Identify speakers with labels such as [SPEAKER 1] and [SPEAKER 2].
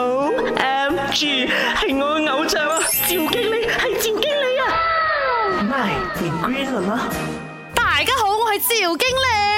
[SPEAKER 1] O M G，係我嘅偶像啊！趙經理係趙經理啊 m 你 Green，大家好，我係趙經理。